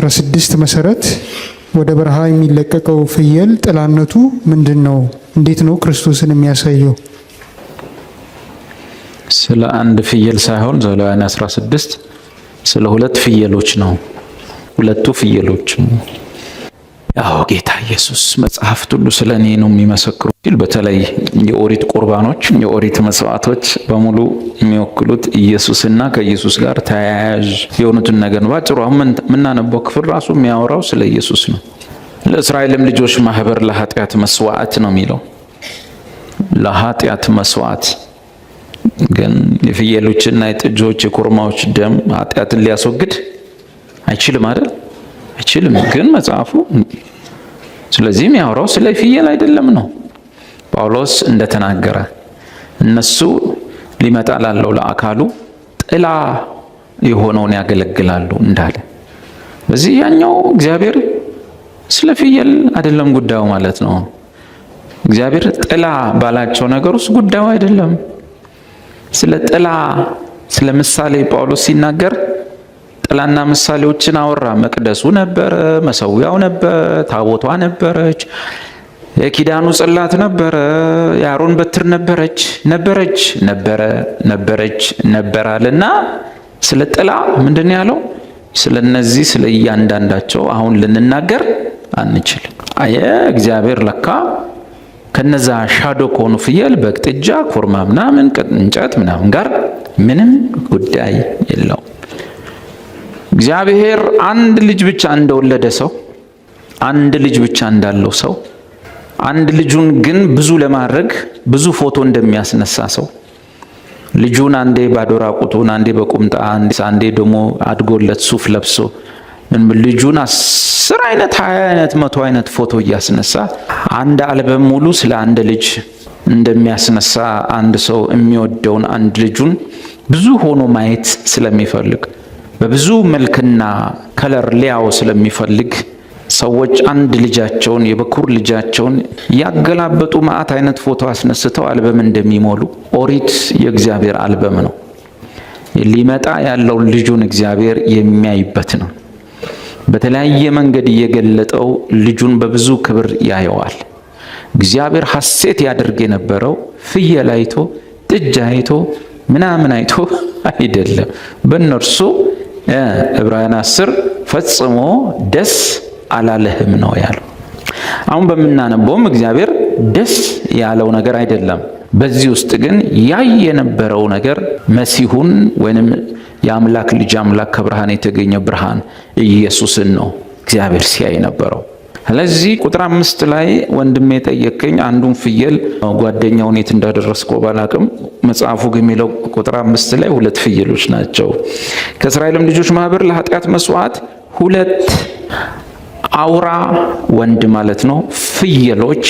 16 መሰረት ወደ በረሃ የሚለቀቀው ፍየል ጥላነቱ ምንድን ነው? እንዴት ነው ክርስቶስን የሚያሳየው? ስለ አንድ ፍየል ሳይሆን ዘሌዋውያን 16 ስለ ሁለት ፍየሎች ነው። ሁለቱ ፍየሎች አዎ ጌታ ኢየሱስ መጽሐፍት ሁሉ ስለ እኔ ነው የሚመሰክሩ ሲል በተለይ የኦሪት ቁርባኖች፣ የኦሪት መስዋዕቶች በሙሉ የሚወክሉት ኢየሱስና ከኢየሱስ ጋር ተያያዥ የሆኑትን ነገር ነው። ባጭሩ አሁን የምናነበው ክፍል ራሱ የሚያወራው ስለ ኢየሱስ ነው። ለእስራኤልም ልጆች ማህበር ለኃጢአት መስዋዕት ነው የሚለው ለኃጢአት መስዋዕት ግን የፍየሎችና የጥጆች የኮርማዎች ደም ኃጢአትን ሊያስወግድ አይችልም አይደል? አይችልም። ግን መጽሐፉ ስለዚህ የሚያወራው ስለ ፍየል አይደለም ነው። ጳውሎስ እንደተናገረ እነሱ ሊመጣ ላለው ለአካሉ ጥላ የሆነውን ያገለግላሉ እንዳለ በዚህ ያኛው እግዚአብሔር ስለ ፍየል አይደለም ጉዳዩ ማለት ነው። እግዚአብሔር ጥላ ባላቸው ነገር ውስጥ ጉዳዩ አይደለም። ስለ ጥላ ስለ ምሳሌ ጳውሎስ ሲናገር ጠቅላላ ምሳሌዎችን አወራ። መቅደሱ ነበረ፣ መሰዊያው ነበረ፣ ታቦቷ ነበረች፣ የኪዳኑ ጽላት ነበረ፣ የአሮን በትር ነበረች፣ ነበረች፣ ነበረ፣ ነበረች፣ ነበራል እና ስለ ጥላ ምንድን ያለው ስለ እነዚህ ስለ እያንዳንዳቸው አሁን ልንናገር አንችልም። አየ እግዚአብሔር ለካ ከነዛ ሻዶ ከሆኑ ፍየል፣ በግ፣ ጥጃ፣ ኮርማ ምናምን እንጨት ምናምን ጋር ምንም ጉዳይ የለውም። እግዚአብሔር አንድ ልጅ ብቻ እንደወለደ ሰው አንድ ልጅ ብቻ እንዳለው ሰው አንድ ልጁን ግን ብዙ ለማድረግ ብዙ ፎቶ እንደሚያስነሳ ሰው ልጁን አንዴ ባዶ ራቁቱን፣ አንዴ በቁምጣ፣ አንዴ ደግሞ አድጎለት ሱፍ ለብሶ ልጁን አስር አይነት ሀያ አይነት መቶ አይነት ፎቶ እያስነሳ አንድ አልበም ሙሉ ስለ አንድ ልጅ እንደሚያስነሳ አንድ ሰው የሚወደውን አንድ ልጁን ብዙ ሆኖ ማየት ስለሚፈልግ በብዙ መልክና ከለር ሊያው ስለሚፈልግ ሰዎች አንድ ልጃቸውን የበኩር ልጃቸውን ያገላበጡ መዓት አይነት ፎቶ አስነስተው አልበም እንደሚሞሉ ኦሪት የእግዚአብሔር አልበም ነው። ሊመጣ ያለውን ልጁን እግዚአብሔር የሚያይበት ነው። በተለያየ መንገድ እየገለጠው ልጁን በብዙ ክብር ያየዋል። እግዚአብሔር ሐሴት ያደርግ የነበረው ፍየል አይቶ ጥጃ አይቶ ምናምን አይቶ አይደለም በእነርሱ ዕብራውያን 10 ፈጽሞ ደስ አላለህም ነው ያለው። አሁን በምናነበውም እግዚአብሔር ደስ ያለው ነገር አይደለም። በዚህ ውስጥ ግን ያይ የነበረው ነገር መሲሁን ወይንም የአምላክ ልጅ አምላክ ከብርሃን የተገኘ ብርሃን ኢየሱስን ነው እግዚአብሔር ሲያይ ነበረው። ስለዚህ ቁጥር አምስት ላይ ወንድሜ ጠየቀኝ አንዱን ፍየል ጓደኛው የት እንዳደረስከው ባላቅም መጽሐፉ ግን የሚለው ቁጥር አምስት ላይ ሁለት ፍየሎች ናቸው። ከእስራኤልም ልጆች ማህበር ለኃጢአት መስዋዕት ሁለት አውራ ወንድ ማለት ነው ፍየሎች፣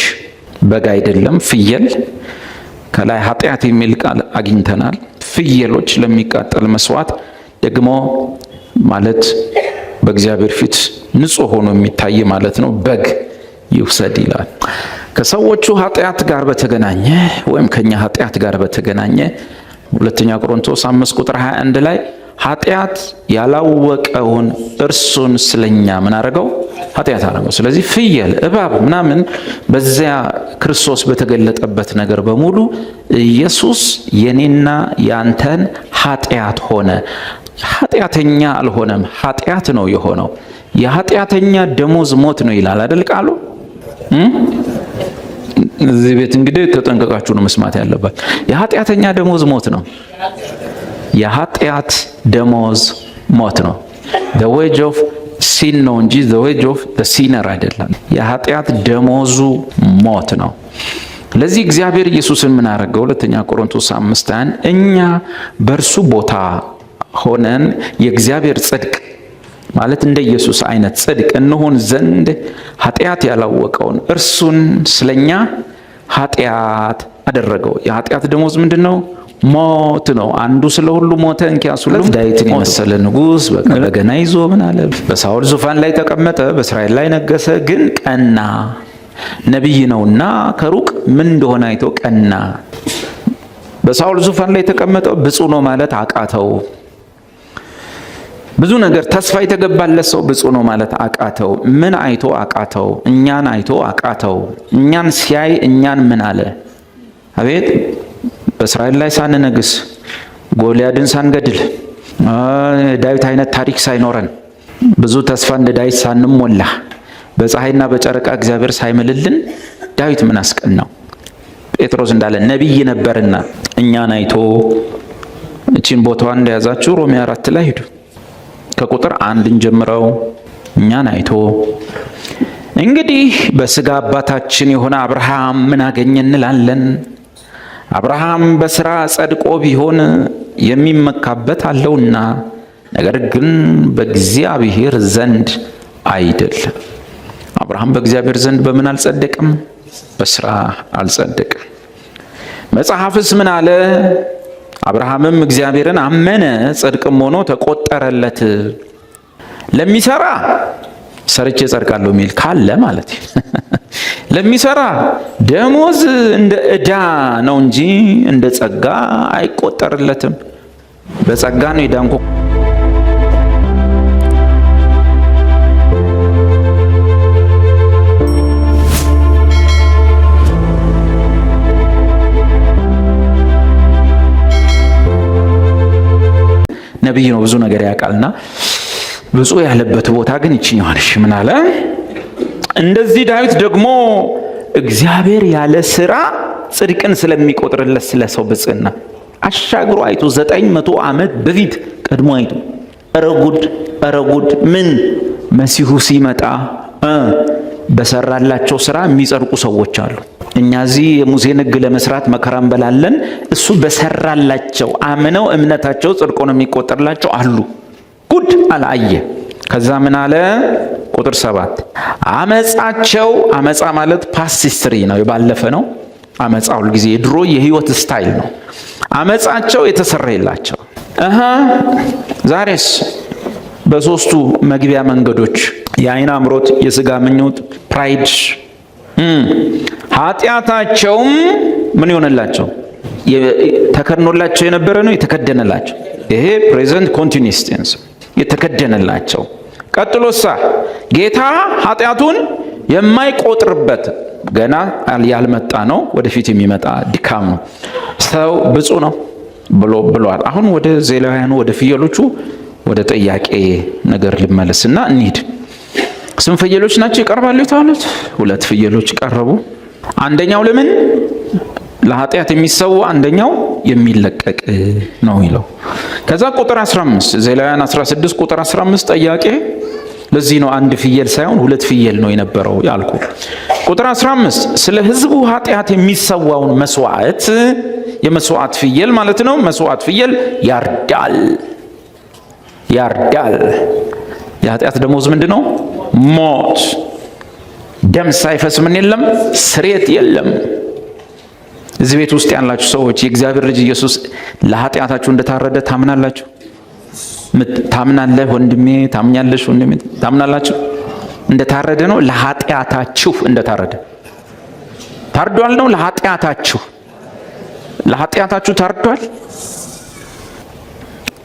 በግ አይደለም ፍየል። ከላይ ኃጢአት የሚል ቃል አግኝተናል። ፍየሎች ለሚቃጠል መስዋዕት ደግሞ ማለት በእግዚአብሔር ፊት ንጹህ ሆኖ የሚታይ ማለት ነው በግ ይውሰድ ይላል። ከሰዎቹ ኃጢአት ጋር በተገናኘ ወይም ከኛ ኃጢአት ጋር በተገናኘ ሁለተኛ ቆሮንቶስ አምስት ቁጥር 21 ላይ ኃጢአት ያላወቀውን እርሱን ስለኛ ምን አረገው? ኃጢአት አረገው። ስለዚህ ፍየል፣ እባብ ምናምን በዚያ ክርስቶስ በተገለጠበት ነገር በሙሉ ኢየሱስ የኔና ያንተን ኃጢአት ሆነ። ኃጢአተኛ አልሆነም፣ ኃጢአት ነው የሆነው። የኃጢአተኛ ደሞዝ ሞት ነው ይላል አይደል ቃሉ። እዚህ ቤት እንግዲህ ተጠንቀቃችሁ ነው መስማት ያለባት። የኃጢአተኛ ደሞዝ ሞት ነው። የኃጢአት ደሞዝ ሞት ነው። ዘ ዌጅ ኦፍ ሲን ነው እንጂ ዘ ዌጅ ኦፍ ሲነር አይደለም። የኃጢአት ደሞዙ ሞት ነው። ለዚህ እግዚአብሔር ኢየሱስን ምን አረገው? ሁለተኛ ቆሮንቶስ አምስት እኛ በእርሱ ቦታ ሆነን የእግዚአብሔር ጽድቅ ማለት እንደ ኢየሱስ አይነት ጽድቅ እንሆን ዘንድ ኃጢአት ያላወቀውን እርሱን ስለኛ ኃጢአት አደረገው። የኃጢአት ደሞዝ ምንድን ነው? ሞት ነው። አንዱ ስለ ሁሉ ሞተ፣ እንኪያስ ሁሉም ዳዊትን የመሰለ ንጉሥ በገና ይዞ ምን አለ፣ በሳውል ዙፋን ላይ ተቀመጠ፣ በእስራኤል ላይ ነገሰ። ግን ቀና ነቢይ ነውና ከሩቅ ምን እንደሆነ አይቶ ቀና። በሳውል ዙፋን ላይ ተቀመጠ ብፁ ነው ማለት አቃተው። ብዙ ነገር ተስፋ የተገባለት ሰው ብፁ ነው ማለት አቃተው። ምን አይቶ አቃተው? እኛን አይቶ አቃተው። እኛን ሲያይ እኛን ምን አለ? አቤት በእስራኤል ላይ ሳንነግስ፣ ጎልያድን ሳንገድል፣ ዳዊት አይነት ታሪክ ሳይኖረን፣ ብዙ ተስፋ እንደ ዳዊት ሳንሞላ፣ በፀሐይና በጨረቃ እግዚአብሔር ሳይምልልን ዳዊት ምን አስቀናው? ጴጥሮስ እንዳለ ነቢይ ነበርና እኛን አይቶ እቺን ቦታዋን እንደያዛችሁ ሮሜ አራት ላይ ሂዱ ከቁጥር አንድን ጀምረው እኛን አይቶ እንግዲህ በስጋ አባታችን የሆነ አብርሃም ምን አገኘ እንላለን? አብርሃም በስራ ጸድቆ ቢሆን የሚመካበት አለውና፣ ነገር ግን በእግዚአብሔር ዘንድ አይደለም። አብርሃም በእግዚአብሔር ዘንድ በምን አልጸደቅም? በስራ አልጸደቅም። መጽሐፍስ ምን አለ? አብርሃምም እግዚአብሔርን አመነ ጽድቅም ሆኖ ተቆጠረለት። ለሚሰራ ሰርቼ ጸድቃለሁ የሚል ካለ ማለት ለሚሰራ ደሞዝ እንደ ዕዳ ነው እንጂ እንደ ጸጋ አይቆጠርለትም። በጸጋ ነው የዳንኩ። ነቢይ ነው፣ ብዙ ነገር ያውቃልና ብፁ ያለበት ቦታ ግን ይችኛዋ ነች። ምን አለ? እንደዚህ ዳዊት ደግሞ እግዚአብሔር ያለ ስራ ጽድቅን ስለሚቆጥርለት ስለ ሰው ብፅዕና አሻግሮ አይቶ ዘጠኝ መቶ ዓመት በፊት ቀድሞ አይቶ እረጉድ እረጉድ ምን መሲሁ ሲመጣ በሰራላቸው ስራ የሚጸድቁ ሰዎች አሉ። እኛ እዚህ የሙሴን ሕግ ለመስራት መከራ እንበላለን። እሱ በሰራላቸው አምነው እምነታቸው ጽድቆ ነው የሚቆጠርላቸው አሉ። ጉድ አልአየ ከዛ ምን አለ? ቁጥር ሰባት አመፃቸው። አመፃ ማለት ፓስት ሂስትሪ ነው፣ የባለፈ ነው። አመፃ ሁልጊዜ የድሮ የህይወት ስታይል ነው። አመፃቸው የተሰረየላቸው እህ ዛሬስ በሶስቱ መግቢያ መንገዶች የአይን አምሮት፣ የስጋ ምኞት፣ ፕራይድ ኃጢአታቸውም ምን ይሆነላቸው ተከድኖላቸው የነበረ ነው የተከደነላቸው። ይሄ ፕሬዘንት ኮንቲኒስ ቴንስ የተከደነላቸው። ሳ ጌታ ኃጢአቱን የማይቆጥርበት ገና ያልመጣ ነው፣ ወደፊት የሚመጣ ድካም ነው። ሰው ብፁ ነው ብሎ ብሏል። አሁን ወደ ዜላውያኑ ወደ ፍየሎቹ ወደ ጥያቄ ነገር ልመለስና እንሂድ። ስንት ፍየሎች ናቸው ይቀርባሉ የተባሉት? ሁለት ፍየሎች ቀረቡ። አንደኛው ለምን ለኃጢአት የሚሰዋ አንደኛው የሚለቀቅ ነው ይለው። ከዛ ቁጥር 15 ዘሌዋውያን 16 ቁጥር 15 ጥያቄ ለዚህ ነው አንድ ፍየል ሳይሆን ሁለት ፍየል ነው የነበረው ያልኩ። ቁጥር 15 ስለ ህዝቡ ኃጢአት የሚሰዋውን መስዋዕት የመስዋዕት ፍየል ማለት ነው። መስዋዕት ፍየል ያርዳል ያርዳል። የኃጢአት ደሞዝ ምንድን ነው? ሞት ደም ሳይፈስ ምን የለም ስሬት የለም። እዚህ ቤት ውስጥ ያላችሁ ሰዎች የእግዚአብሔር ልጅ ኢየሱስ ለኃጢአታችሁ እንደታረደ ታምናላችሁ? ታምናለህ ወንድሜ፣ ታምኛለሽ ወንድሜ፣ ታምናላችሁ? እንደታረደ ነው። ለኃጢአታችሁ እንደታረደ ታርዷል ነው። ለኃጢአታችሁ ለኃጢአታችሁ ታርዷል።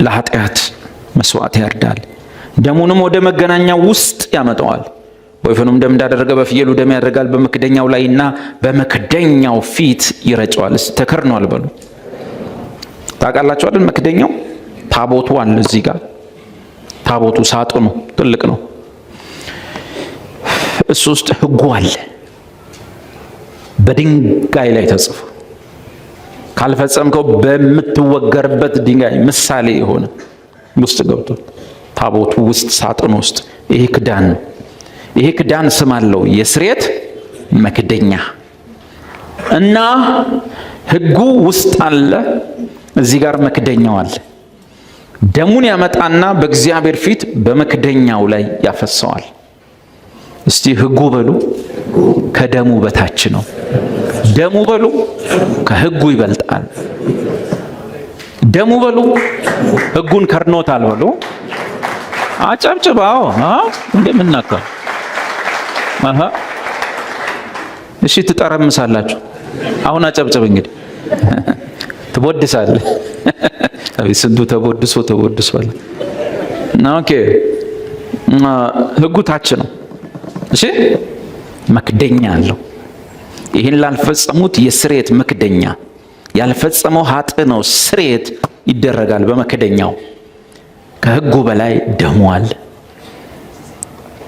ለኃጢአት መስዋዕት ያርዳል። ደሙንም ወደ መገናኛው ውስጥ ያመጣዋል። ወይፈኑም ደም እንዳደረገ በፍየሉ ደም ያደርጋል፣ በመክደኛው ላይና በመክደኛው ፊት ይረጨዋል። ተከርኗል በሉ ታውቃላችኋል። መክደኛው ታቦቱ አለ እዚህ ጋር ታቦቱ ሳጥኑ ትልቅ ነው። እሱ ውስጥ ህጉ አለ በድንጋይ ላይ ተጽፎ ካልፈጸምከው በምትወገርበት ድንጋይ ምሳሌ የሆነ ውስጥ ገብቷል። ታቦቱ ውስጥ ሳጥን ውስጥ ይሄ ክዳን ነው። ይሄ ክዳን ስም አለው የስሬት መክደኛ እና ህጉ ውስጥ አለ። እዚህ ጋር መክደኛው አለ። ደሙን ያመጣና በእግዚአብሔር ፊት በመክደኛው ላይ ያፈሰዋል። እስቲ ህጉ በሉ ከደሙ በታች ነው። ደሙ በሉ ከህጉ ይበልጣል። ደሙ በሉ ህጉን ከድኖታል በሉ አጨብጭባው እንደምናካ እሺ፣ ትጠረምሳላችሁ። አሁን አጨብጭብ እንግዲህ ትቦድሳለህ። አቤት ስንቱ ተቦድሶ ተቦድሷል። ኦኬ፣ ህጉ ታች ነው። እሺ፣ መክደኛ አለው። ይህን ላልፈጸሙት የስሬት መክደኛ ያልፈጸመው ሀጥ ነው፣ ስሬት ይደረጋል በመክደኛው ከህጉ በላይ ደሙ አለ።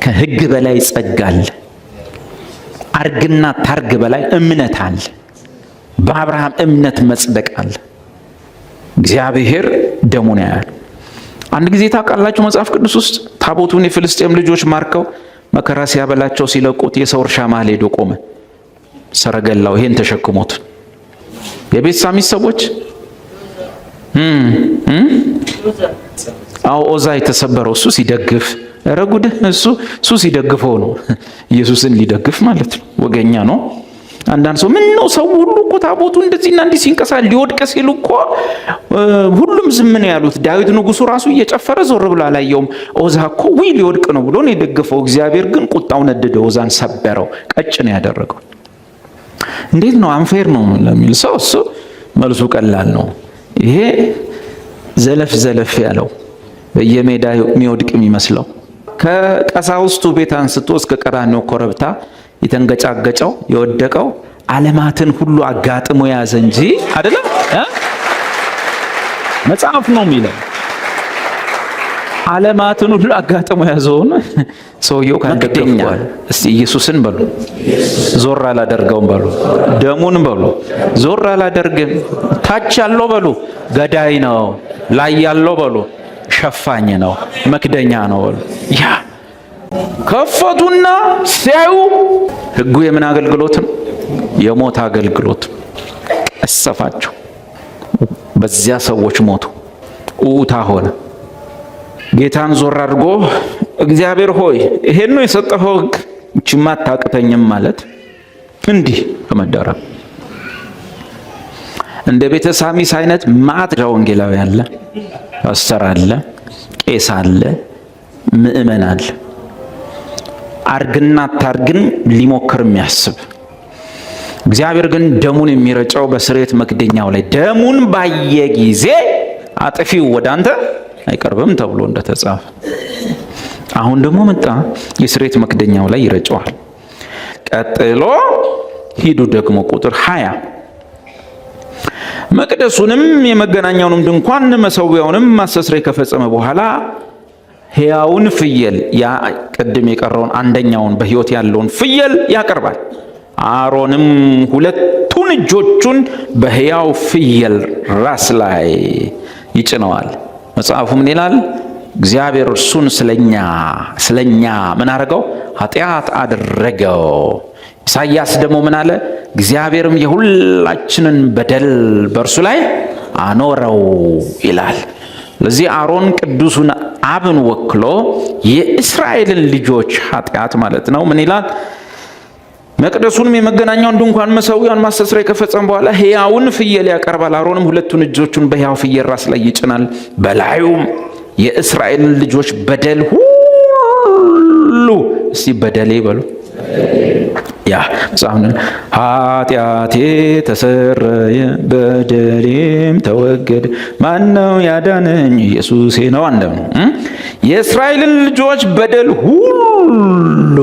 ከህግ በላይ ጸጋ አለ። አርግና ታርግ በላይ እምነት አለ። በአብርሃም እምነት መጽደቅ አለ። እግዚአብሔር ደሙን ያያል። አንድ ጊዜ ታውቃላችሁ፣ መጽሐፍ ቅዱስ ውስጥ ታቦቱን የፍልስጤም ልጆች ማርከው መከራ ሲያበላቸው ሲለቁት የሰው እርሻ መሃል ሄዶ ቆመ። ሰረገላው ይሄን ተሸክሞት የቤት ሳሚት ሰዎች አዎ ኦዛ የተሰበረው እሱ ሲደግፍ ረጉድ እሱ እሱ ሲደግፈው ነው። ኢየሱስን ሊደግፍ ማለት ነው። ወገኛ ነው። አንዳንድ ሰው ምን ነው ሰው ሁሉ እኮ ታቦቱ እንደዚህና እንዲህ ሲንቀሳ ሊወድቅ ሲል እኮ ሁሉም ዝም ነው ያሉት። ዳዊት ንጉሱ ራሱ እየጨፈረ ዞር ብሎ አላየውም። ኦዛ እኮ ዊ ሊወድቅ ነው ብሎ ነው የደገፈው። እግዚአብሔር ግን ቁጣው ነደደ፣ ኦዛን ሰበረው፣ ቀጭ ነው ያደረገው። እንዴት ነው አንፌር ነው ለሚል ሰው እሱ መልሱ ቀላል ነው። ይሄ ዘለፍ ዘለፍ ያለው በየሜዳ የሚወድቅ የሚመስለው ከቀሳውስቱ ቤት አንስቶ እስከ ቀራንዮ ኮረብታ የተንገጫገጨው የወደቀው ዓለማትን ሁሉ አጋጥሞ የያዘ እንጂ አይደለም። መጽሐፍ ነው የሚለው ዓለማትን ሁሉ አጋጥሞ የያዘውን ሰውየው ካንደገኛል። እስቲ ኢየሱስን በሉ ዞር አላደርገውም በሉ፣ ደሙን በሉ ዞር አላደርግም፣ ታች ያለው በሉ ገዳይ ነው፣ ላይ ያለው በሉ ሸፋኝ ነው፣ መክደኛ ነው። ያ ከፈቱና ሲያዩ ህጉ የምን አገልግሎት ነው? የሞት አገልግሎት ቀሰፋቸው። በዚያ ሰዎች ሞቱ። ኡታ ሆነ። ጌታን ዞር አድርጎ እግዚአብሔር ሆይ ይሄን ነው የሰጠኸው ህግ፣ እችማ አታቅተኝም ማለት እንዲህ በመደረብ እንደ ቤተ ሳሚስ አይነት ማዕት ወንጌላዊ አለ፣ ፓስተር አለ። ቄስ አለ፣ ምእመን አለ። አርግና አታርግን ሊሞክር የሚያስብ እግዚአብሔር ግን ደሙን የሚረጨው በስሬት መክደኛው ላይ ደሙን ባየ ጊዜ አጥፊው ወደ አንተ አይቀርብም ተብሎ እንደተጻፈ አሁን ደግሞ መጣ የስሬት መክደኛው ላይ ይረጨዋል። ቀጥሎ ሂዱ ደግሞ ቁጥር ሃያ መቅደሱንም የመገናኛውንም ድንኳን መሰዊያውንም ማስተስረይ ከፈጸመ በኋላ ሕያውን ፍየል ያ ቅድም የቀረውን አንደኛውን በሕይወት ያለውን ፍየል ያቀርባል። አሮንም ሁለቱን እጆቹን በሕያው ፍየል ራስ ላይ ይጭነዋል። መጽሐፉ ምን ይላል? እግዚአብሔር እርሱን ስለኛ ስለኛ ምን አረገው? ኃጢአት አደረገው። ኢሳይያስ ደግሞ ምን አለ? እግዚአብሔርም የሁላችንን በደል በእርሱ ላይ አኖረው ይላል። ለዚህ አሮን ቅዱሱን አብን ወክሎ የእስራኤልን ልጆች ኃጢአት ማለት ነው ምን ይላል? መቅደሱንም የመገናኛውን ድንኳን መሰዊያን ማስተስሪያ ከፈጸም በኋላ ሕያውን ፍየል ያቀርባል። አሮንም ሁለቱን እጆቹን በሕያው ፍየል ራስ ላይ ይጭናል። በላዩም የእስራኤልን ልጆች በደል ሁሉ እስቲ በደሌ በሉ ያ መጽሐፍንን ኃጢአቴ ተሰረየ በደሌም ተወገደ፣ ማነው ያዳነኝ? ኢየሱሴ ነው። አንደም የእስራኤልን ልጆች በደል ሁሉ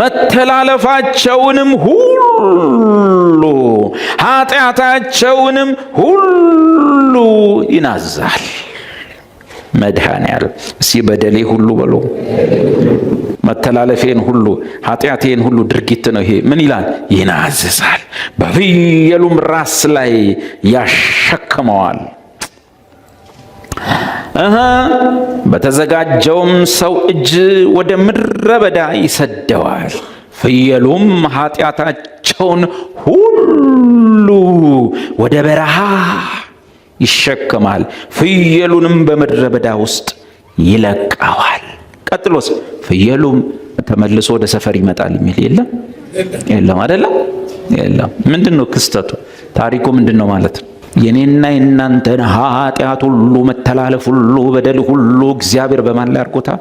መተላለፋቸውንም ሁሉ ኃጢአታቸውንም ሁሉ ይናዛል። መድኃኔ ያለ እስኪ በደሌ ሁሉ በሎ መተላለፌን ሁሉ ኃጢአቴን ሁሉ ድርጊት ነው ይሄ። ምን ይላል? ይናዝዛል፣ በፍየሉም ራስ ላይ ያሸክመዋል። እህ በተዘጋጀውም ሰው እጅ ወደ ምድረ በዳ ይሰደዋል። ፍየሉም ኃጢአታቸውን ሁሉ ወደ በረሃ ይሸከማል፣ ፍየሉንም በምድረ በዳ ውስጥ ይለቀዋል። ቀጥሎስ ፍየሉም ተመልሶ ወደ ሰፈር ይመጣል የሚል የለም የለም አይደለም የለም። ምንድን ነው ክስተቱ? ታሪኩ ምንድን ነው ማለት ነው? የኔና የእናንተን ኃጢአት ሁሉ መተላለፍ ሁሉ በደል ሁሉ እግዚአብሔር በማን ላይ አድርጎታል?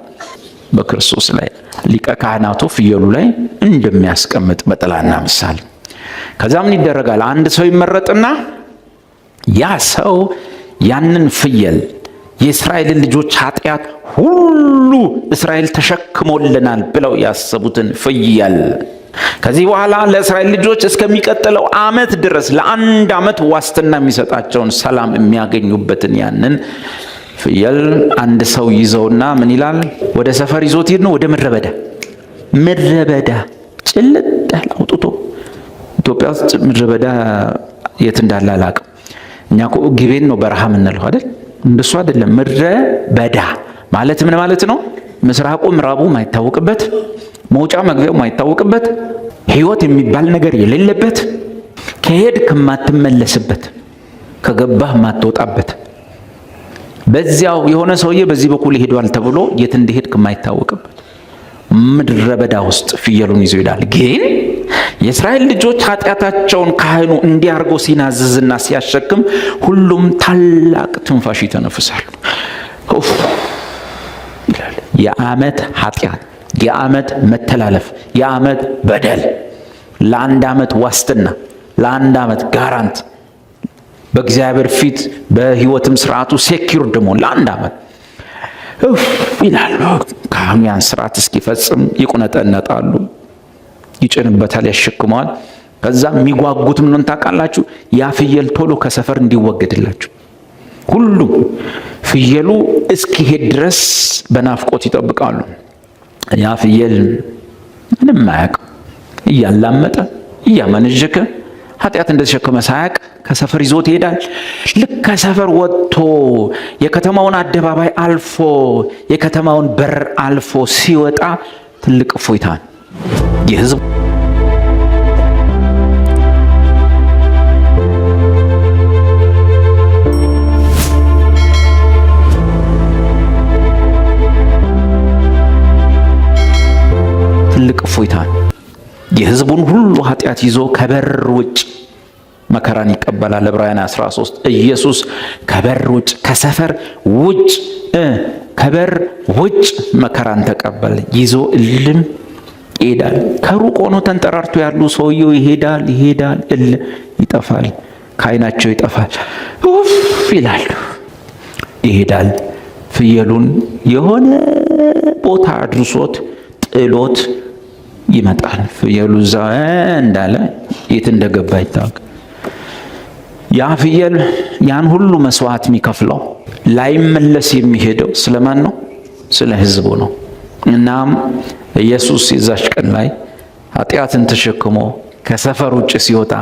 በክርስቶስ ላይ። ሊቀ ካህናቱ ፍየሉ ላይ እንደሚያስቀምጥ በጥላና ምሳሌ። ከዛ ምን ይደረጋል? አንድ ሰው ይመረጥና ያ ሰው ያንን ፍየል የእስራኤልን ልጆች ኃጢአት ሁሉ እስራኤል ተሸክሞልናል ብለው ያሰቡትን ፍየል ከዚህ በኋላ ለእስራኤል ልጆች እስከሚቀጥለው ዓመት ድረስ ለአንድ ዓመት ዋስትና የሚሰጣቸውን ሰላም የሚያገኙበትን ያንን ፍየል አንድ ሰው ይዘውና ምን ይላል? ወደ ሰፈር ይዞት ሂድ ነው። ወደ ምድረ በዳ ምድረ በዳ ጭልጥ አውጥቶ ኢትዮጵያ ውስጥ ምድረ በዳ የት እንዳለ አላቅም። እኛ እኮ ግቤን ነው በረሃ የምንለው አይደል? እንደሱ አይደለም። ምድረ በዳ ማለት ምን ማለት ነው? ምስራቁ ምዕራቡ ማይታወቅበት፣ መውጫ መግቢያው ማይታወቅበት፣ ህይወት የሚባል ነገር የሌለበት፣ ከሄድክ የማትመለስበት፣ ከገባህ ማትወጣበት በዚያው የሆነ ሰውዬ በዚህ በኩል ይሄዷል ተብሎ የት እንደሄድክ የማይታወቅበት ምድረ በዳ ውስጥ ፍየሉን ይዞ ይሄዳል ግን የእስራኤል ልጆች ኃጢአታቸውን ካህኑ እንዲያርጎ ሲናዝዝና ሲያሸክም ሁሉም ታላቅ ትንፋሽ ይተነፍሳሉ። የዓመት ኃጢአት፣ የዓመት መተላለፍ፣ የዓመት በደል ለአንድ ዓመት ዋስትና፣ ለአንድ ዓመት ጋራንት በእግዚአብሔር ፊት በህይወትም ስርዓቱ ሴኪር ደሞ ለአንድ ዓመት ይላሉ። ካህኑ ያን ስርዓት እስኪፈጽም ይቁነጠነጣሉ። ይጭንበታል፣ ያሸክመዋል። ከዛ የሚጓጉት ምን ታውቃላችሁ? ያ ፍየል ቶሎ ከሰፈር እንዲወገድላችሁ ሁሉም ፍየሉ እስኪሄድ ድረስ በናፍቆት ይጠብቃሉ። ያ ፍየል ምንም አያውቅ እያላመጠ እያመነዠከ ኃጢአት እንደተሸከመ ሳያውቅ ከሰፈር ይዞት ይሄዳል። ልክ ከሰፈር ወጥቶ የከተማውን አደባባይ አልፎ የከተማውን በር አልፎ ሲወጣ ትልቅ እፎይታ ነው። የህዝብ ትልቅ እፎይታ የህዝቡን ሁሉ ኃጢአት ይዞ ከበር ውጭ መከራን ይቀበላል። ዕብራውያን 13 ኢየሱስ ከበር ውጭ ከሰፈር ውጭ ከበር ውጭ መከራን ተቀበለ ይዞ እልም ይሄዳል። ከሩቅ ሆኖ ተንጠራርቶ ያሉ ሰውየው ይሄዳል፣ ይሄዳል፣ እል ይጠፋል፣ ከአይናቸው ይጠፋል፣ ኡፍ ይላሉ፣ ይሄዳል። ፍየሉን የሆነ ቦታ አድርሶት ጥሎት ይመጣል። ፍየሉ እዛ እንዳለ የት እንደገባ ይታወቅ። ያ ፍየል ያን ሁሉ መስዋዕት የሚከፍለው ላይመለስ የሚሄደው ስለማን ነው? ስለ ህዝቡ ነው። እናም ኢየሱስ የዛች ቀን ላይ ኃጢአትን ተሸክሞ ከሰፈር ውጭ ሲወጣ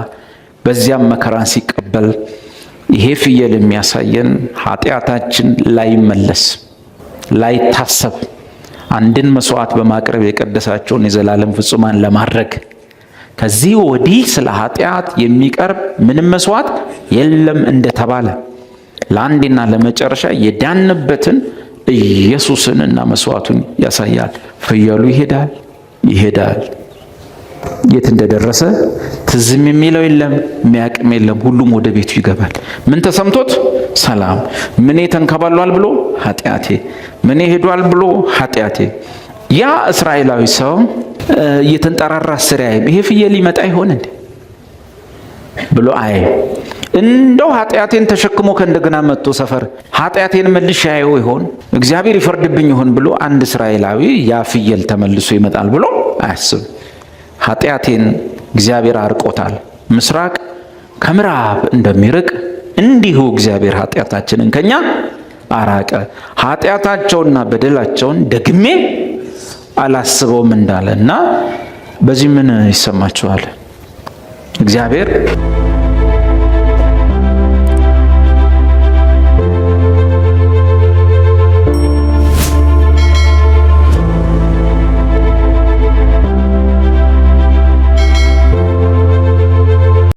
በዚያም መከራን ሲቀበል ይሄ ፍየል የሚያሳየን ኃጢአታችን ላይመለስ ላይታሰብ አንድን መስዋዕት በማቅረብ የቀደሳቸውን የዘላለም ፍጹማን ለማድረግ ከዚህ ወዲህ ስለ ኃጢአት የሚቀርብ ምንም መስዋዕት የለም እንደተባለ ለአንዴና ለመጨረሻ የዳንበትን ኢየሱስን እና መስዋዕቱን ያሳያል። ፍየሉ ይሄዳል ይሄዳል፣ የት እንደደረሰ ትዝም የሚለው የለም፣ የሚያቅም የለም። ሁሉም ወደ ቤቱ ይገባል። ምን ተሰምቶት? ሰላም። ምኔ ተንከባሏል ብሎ ኃጢአቴ፣ ምኔ ሄዷል ብሎ ኃጢአቴ። ያ እስራኤላዊ ሰው እየተንጠራራ ስሪያ ይሄ ፍየል ይመጣ ይሆን እንዴ ብሎ አይ እንደው ኃጢአቴን ተሸክሞ ከእንደገና መጥቶ ሰፈር ኃጢአቴን መልሼ ያየው ይሆን እግዚአብሔር ይፈርድብኝ ይሆን ብሎ አንድ እስራኤላዊ ያ ፍየል ተመልሶ ይመጣል ብሎ አያስብ። ኃጢአቴን እግዚአብሔር አርቆታል፣ ምስራቅ ከምዕራብ እንደሚርቅ እንዲሁ እግዚአብሔር ኃጢአታችንን ከኛ አራቀ። ኃጢአታቸውና በደላቸውን ደግሜ አላስበውም እንዳለ እና በዚህ ምን ይሰማችኋል? እግዚአብሔር